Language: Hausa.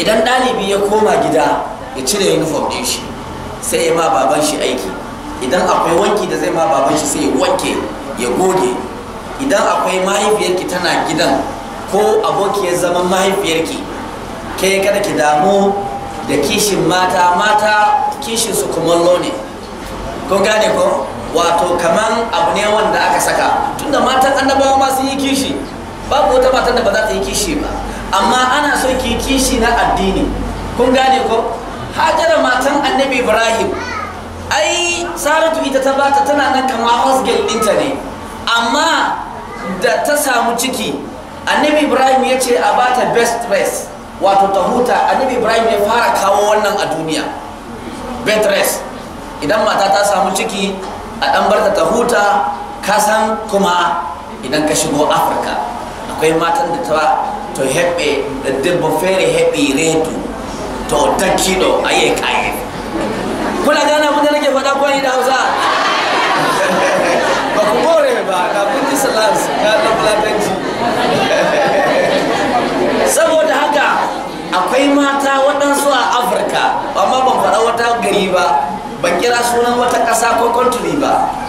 idan ɗalibi ya koma gida ya cire uniform ɗin shi sai ya ma baban shi aiki idan akwai wanki da zai ma baban shi sai ya wanke ya goge idan akwai mahaifiyarki tana gidan ko abokiyar zaman mahaifiyarki ke kada ki damu da kishin mata mata kishin su kumallo ne ko gane ko wato kaman abu ne wanda aka saka tunda matan annabawa ma sun yi kishi babu wata matan da ba za ta yi kishi ba amma ana so ki kishi na addini kun gane ko hajara matan annabi ibrahim ai saratu ita ta bata tana nan kama hosgel ɗinta ne amma da ta samu ciki annabi ibrahim ya ce a bata best dress wato ta huta annabi ibrahim ya fara kawo wannan a duniya best dress idan mata ta samu ciki a ɗan barta ta huta kasan kuma idan ka shigo afirka akwai matan da ta to heɓɓe debbo feere heɓi reedu to takkiɗo a yi'e kaye kula gana abunda nake faɗa ko yiɗa hausa ba ɓore ba na kundi salas na na fulatanci saboda haka akwai mata waɗansu a afirka amma ban faɗa wata gari ba ban kira sunan wata ƙasa ko kontri ba